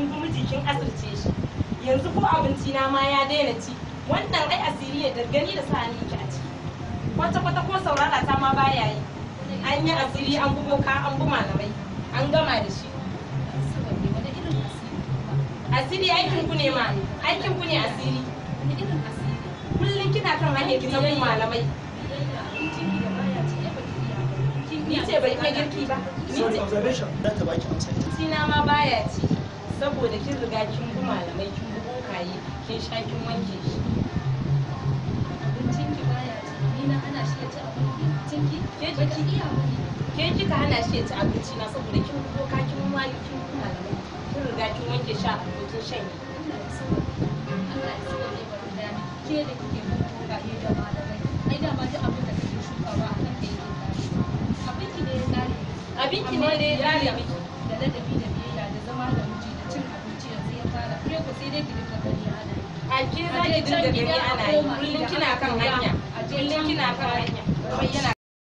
sun kuma jikin asirce shi yanzu ko abinci na ma ya daina ci wannan ai asiri ne gani da sa'ani ki a ciki kwata kwata ko saurara ta ma baya yi an yi asiri an bugo ka an bu malamai an gama da shi asiri aikin ku ne ma aikin ku ne asiri kullum kina kan hanyar ki zama malamai ni ce bai iya girki ba ni ce bai iya girki ba ni ce bai iya girki ba saboda kin riga kin bi malamai kin bi bokaye kin sha kin wanke shi hana shi ya abincin ki ke ji iya kika hana shi ya ci na saboda kin bi boka kin malamai kin bi malamai kin riga kin wanke sha abincin shan ne ya ke za ki can gida a kullum kina kan hanya kullum